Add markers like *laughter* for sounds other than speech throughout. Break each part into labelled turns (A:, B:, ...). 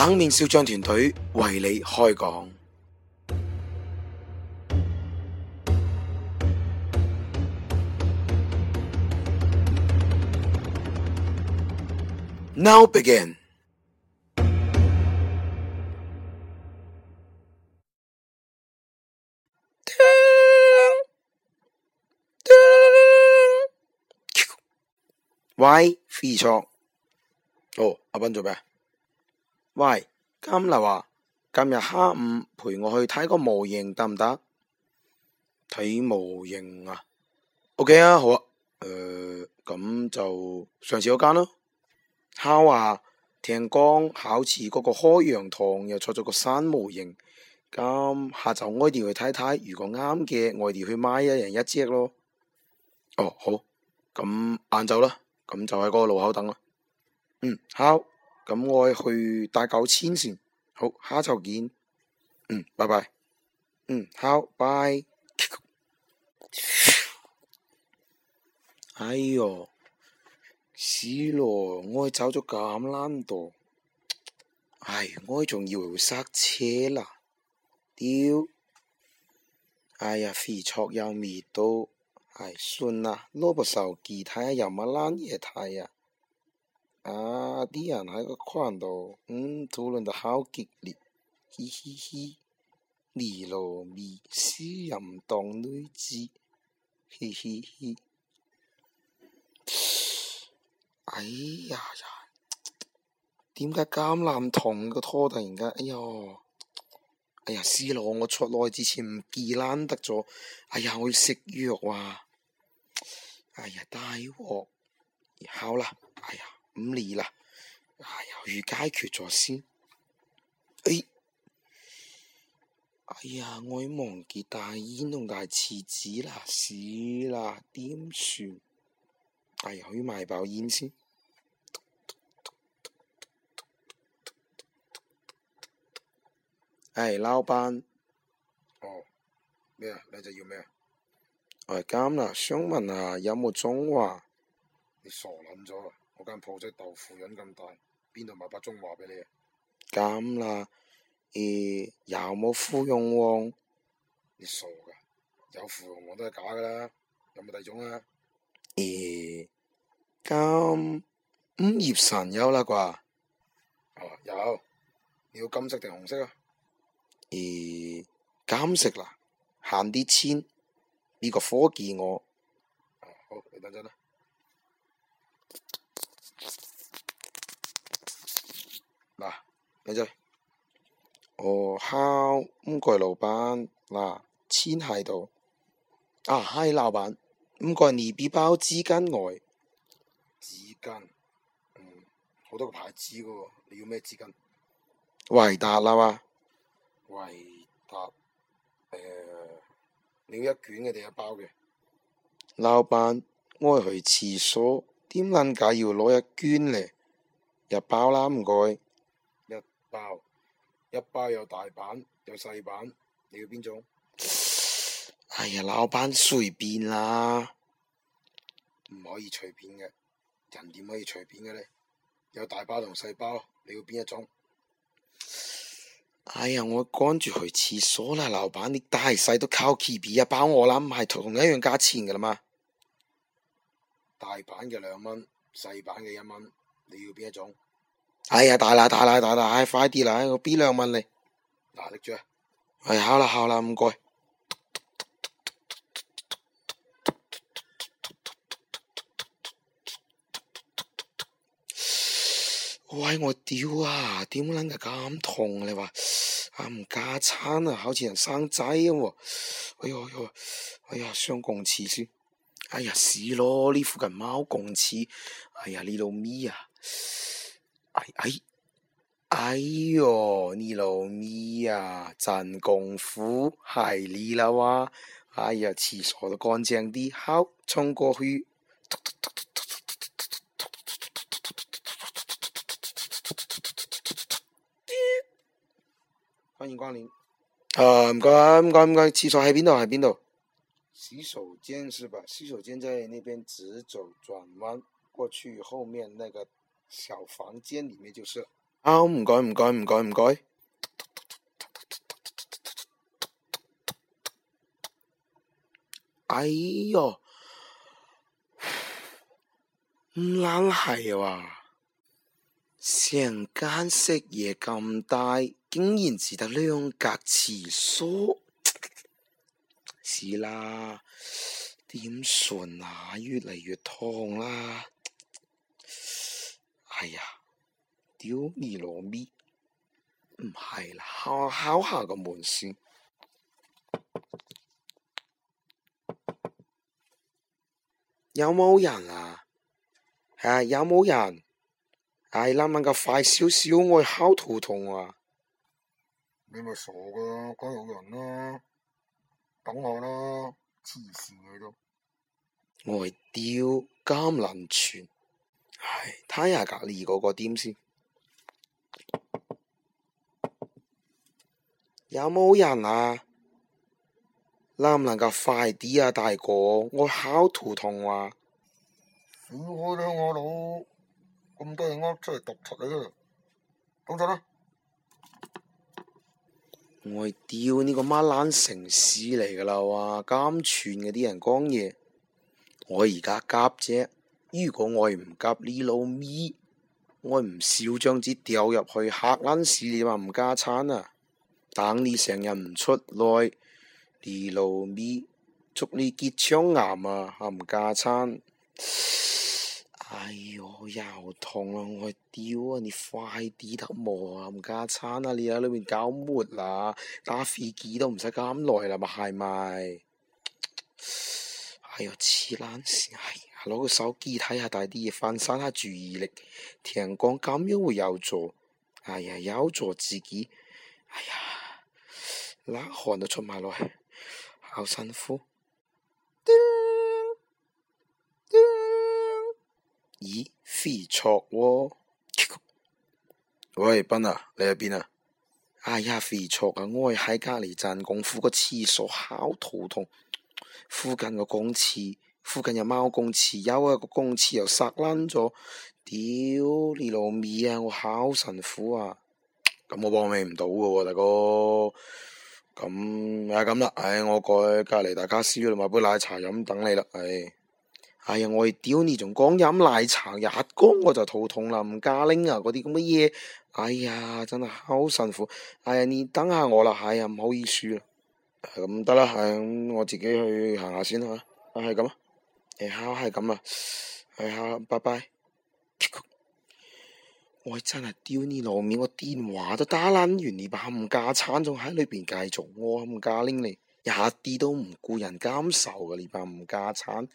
A: 冷面少將團隊為你開講。Now begin。Why 飛錯？哦，阿斌做咩？喂，金立話今日下午陪我去睇個模型得唔得？睇模型啊，OK 啊，好啊，誒、呃，咁就上次嗰間咯。他啊，聽講，考試嗰個開陽台又出咗個山模型，咁下晝我哋去睇睇，如果啱嘅，我哋去買一人一隻咯。哦，好，咁晏晝啦，咁就喺嗰個路口等啦。嗯，好。咁我去帶九千先，好，下晝見，嗯，拜拜，嗯，好拜，拜。哎喲，死咯，我走咗咁難度，哎，我仲要塞車啦，屌，哎呀，肥卓又未到，哎，算啦，攞部手機，睇下，又冇爛嘢睇啊。啊！啲人喺個框度，嗯，討論得好激烈，嘻嘻嘻，尼羅米斯淫蕩女子，嘻嘻嘻。哎呀呀，點解橄欖同個拖突然間？哎呀，哎呀，C 羅我出內之前唔記冷得咗，哎呀，我要食藥啊！哎呀，大鑊，好啦，哎呀！五年啦，又、哎、要解決咗先。哎，哎呀，我已忘記帶煙同帶廁紙啦，屎啦，點算？哎，我要買包煙先。係、哎、老闆。哦。咩啊？你就要咩啊？我係監啦，商民啊，想問下有冇中華？你傻諗咗啦！嗰間鋪仔豆腐潤咁大，邊度買包中華俾你，欸，有有啊？咁啦，誒，有冇芙蓉王？你傻噶？有芙蓉王都係假噶啦，有冇第二種啊誒，欸，咁五葉神有啦啩？哦，啊，有，你要金色定紅色啊？誒，欸，金色啦，慳啲錢，呢，這個科技我，啊，好，你等陣啦。哦，烤，我敲五個老闆嗱，籤喺度。啊，嗨老闆，五個二 B 包紙巾外，紙巾，嗯，好多個牌子嘅、哦、喎，你要咩紙巾？維達啦嘛，維達，誒、呃，你要一卷嘅定一包嘅？老闆，我去廁所，點解要攞一卷咧？一包啦唔該。包一包有大版有細版，你要邊種？哎呀，老闆隨便啦，唔可以隨便嘅，人點可以隨便嘅呢？有大包同細包，你要邊一種？哎呀，我趕住去廁所啦，老闆你大細都靠 k e e 一包我啦，唔係同一樣價錢噶啦嘛？大版嘅兩蚊，細版嘅一蚊，你要邊一種？哎呀！大啦大啦大啦！快啲啦！我俾兩問你，嗱，你着、哎？係好啦好啦，唔該。喂！我屌啊！點撚得咁痛、啊？你話啊唔加餐啊，好似人生仔咁。哎呦哎呦！哎呀，雙、哎哎、共刺先！哎呀，屎咯，呢附近貓共刺。哎呀，呢度咪啊！哎哎哎喲，你老咪呀、啊，真功夫係你啦哇！哎呀，廁所都乾淨啲，好，衝過去。歡迎光臨。啊、uh,，唔該唔該唔該，廁所喺邊度？喺邊度？洗手間是吧？洗手間在那邊，直走轉彎過去，後面那個。小房間裏面就是。啊、哦，唔該唔該唔該唔該。哎喲，唔撚係哇，成間食嘢咁大，竟然只得兩格廁所，死 *laughs* 啦，點算啊？越嚟越痛啦、啊。 *laughs* 係啊，屌你、哎、羅咪，唔係啦，敲敲下個門先，有冇人啊？啊，有冇人？唉，諗諗個快少少，我去敲肚痛啊。你咪傻噶，梗有人啦，等我啦，黐線你度。我屌金林泉。唉，睇下隔籬嗰個點先。有冇人啊？能唔能夠快啲啊，大哥，我好肚痛啊！小可都我老，咁多人屙出嚟，突突你都，咁在啦。我屌呢個孖爛城市嚟噶啦，話咁串嘅啲人講嘢，我而家急啫。如果我唔夾你老咪，我唔少張紙掉入去吓撚屎你話唔加餐啊？等你成日唔出來，你老咪祝你結腸癌啊！唔加餐，哎呀又痛啦！我屌啊！你快啲得磨啊！唔加餐啊！你喺裏面搞乜啊？打飛機都唔使咁耐啦？咪係咪？哎呀，黐撚屎係。哎攞個手機睇下，帶啲嘢翻山，下注意力聽人講咁樣會有助，哎呀，有助自己，哎呀，冷汗都出埋落去，好辛苦。咦，肥卓喎？喂，斌啊，你喺邊啊？哎呀，肥卓啊，我喺隔利離站功夫，個廁所好肚痛，附近個公廁。附近有貓公廁，有一個公廁又塞爛咗，屌你老味啊！我好辛苦啊！咁我幫你唔到噶，大哥。咁係咁啦，唉、哎，我改隔籬大家輸啦，買杯奶茶飲等你啦，唉、哎。哎呀，我屌你仲講飲奶茶，日、啊、光我就肚痛啦，唔加拎啊嗰啲咁嘅嘢。哎呀，真係好辛苦。哎呀，你等下我啦，哎呀唔好意思。啊。咁得啦，係我自己去行下先啦，係咁啊。啊係好係咁啊，係好，拜拜。我真係丟你老面，我電話都打爛完，你把冚家鏟，仲喺裏邊繼續我冚家拎你，一啲都唔顧人感受噶，你把冚家鏟。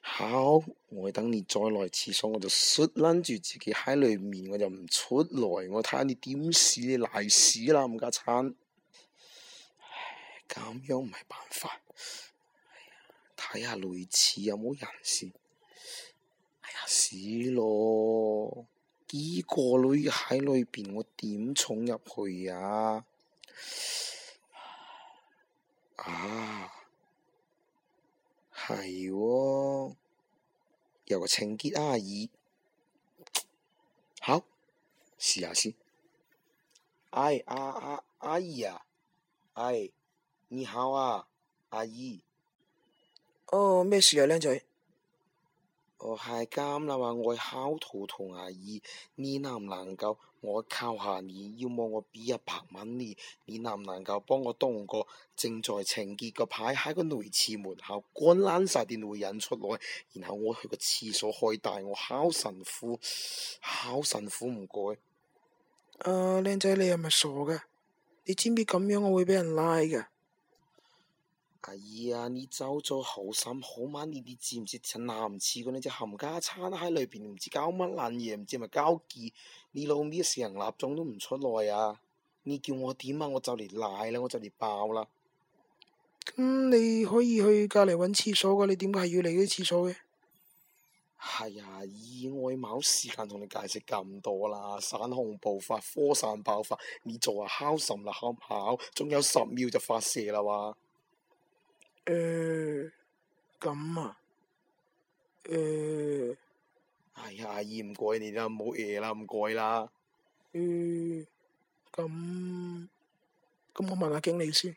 A: 好，我等你再來廁所，我就縮捻住自己喺裏面，我就唔出來，我睇下你點屎，你瀨屎啦，冚家鏟。咁 *noise* 樣唔係辦法。睇下類似有冇人事？哎呀，死咯！幾個女喺裏邊，我點沖入去呀？啊？啊，係喎，哦，有個清潔、啊、阿姨，好，試下先。哎，啊，阿阿姨啊，哎、啊啊啊啊啊啊，你好啊，阿、啊、姨。啊啊哦，咩事啊，靚仔？哦，係咁啦嘛，我烤圖同阿姨，你能唔能夠我靠下你？要麼我俾一百蚊你，你能唔能夠幫我當個正在清潔個牌喺個女廁門口趕甩晒啲女人出來，然後我去個廁所開大我烤神父，烤神父唔該。啊，靚仔，呃，你係咪傻噶？你知唔知咁樣我會俾人拉噶？哎呀，你走咗好心好晚，你哋知唔知？陳男似嗰呢隻冚家餐喺裏邊，唔知搞乜爛嘢，唔知咪交結？你老味成粒鐘都唔出來啊！你叫我點啊？我就嚟瀨啦，我就嚟爆啦！咁、嗯、你可以去隔籬搵廁所噶，你點解係要嚟呢廁所嘅？係、哎、呀，意外冇時間同你解釋咁多啦！山洪暴發、科散爆發，你做下敲什啦？好唔好？仲有十秒就發射啦！哇～唉，咁、嗯、啊，唉、嗯，係啊、哎，阿姨唔怪你啦，唔好嘢啦，唔怪啦。誒、嗯，咁，咁我問下經理先。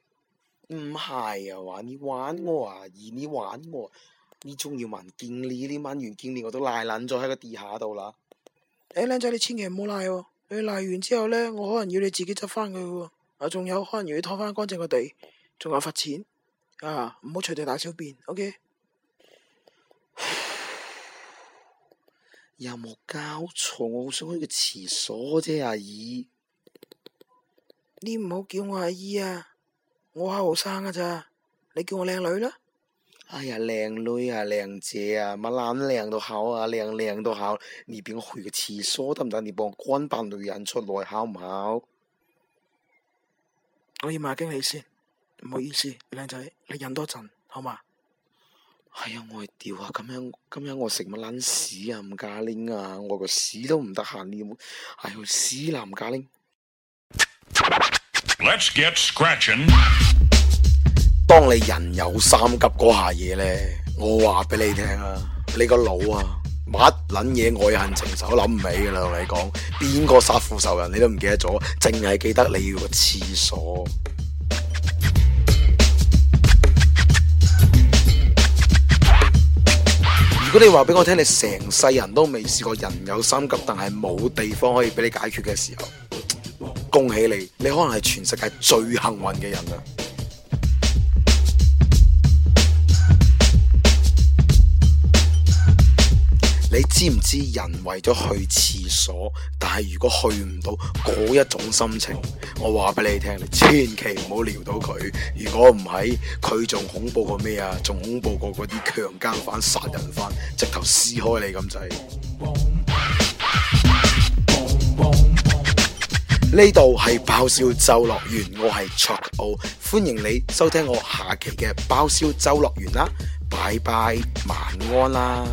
A: 唔係啊，話你玩我啊，而你玩我，你仲要問經理，呢晚完經理，我都賴爛咗喺個地下度啦。誒、欸，靚仔，你千祈唔好賴喎。你賴完之後呢，我可能要你自己執返佢喎。啊，仲有可能要你拖返乾淨個地，仲有罰錢。啊！唔好隨地大小便，OK？有冇搞錯？我好想去個廁所啫，阿姨。你唔好叫我阿姨啊！我係後生噶咋？你叫我靚女啦！哎呀，靚女啊，靚姐啊，乜靚靚都好啊，靚靚都好。你俾我去個廁所得唔得？你幫我干扮女人出來好唔好？行行我要買經理先。唔好意思，靚仔，你忍多陣好嘛？係啊，我屌啊，咁樣咁樣，我食乜撚屎啊？唔加拎啊，我個屎都唔得閒尿。哎呀，屎啦，唔加拎。啊啊哎啊、Let's get scratching。當你人有三急嗰下嘢呢，我話俾你聽啊！你個腦啊，乜撚嘢愛恨情仇諗唔起噶啦，同你講，邊個殺父仇人你都唔記得咗，淨係記得你要個廁所。如果你話俾我聽，你成世人都未試過人有三急，但係冇地方可以俾你解決嘅時候，恭喜你，你可能係全世界最幸運嘅人啦！你知唔知人為咗去廁所，但係如果去唔到，嗰一種心情，我話俾你聽，你千祈唔好撩到佢。如果唔係，佢仲恐怖過咩啊？仲恐怖過嗰啲強姦犯、殺人犯，直頭撕開你咁滯。呢度係爆笑周樂園，我係卓奧，歡迎你收聽我下期嘅爆笑周樂園啦，拜拜，晚安啦。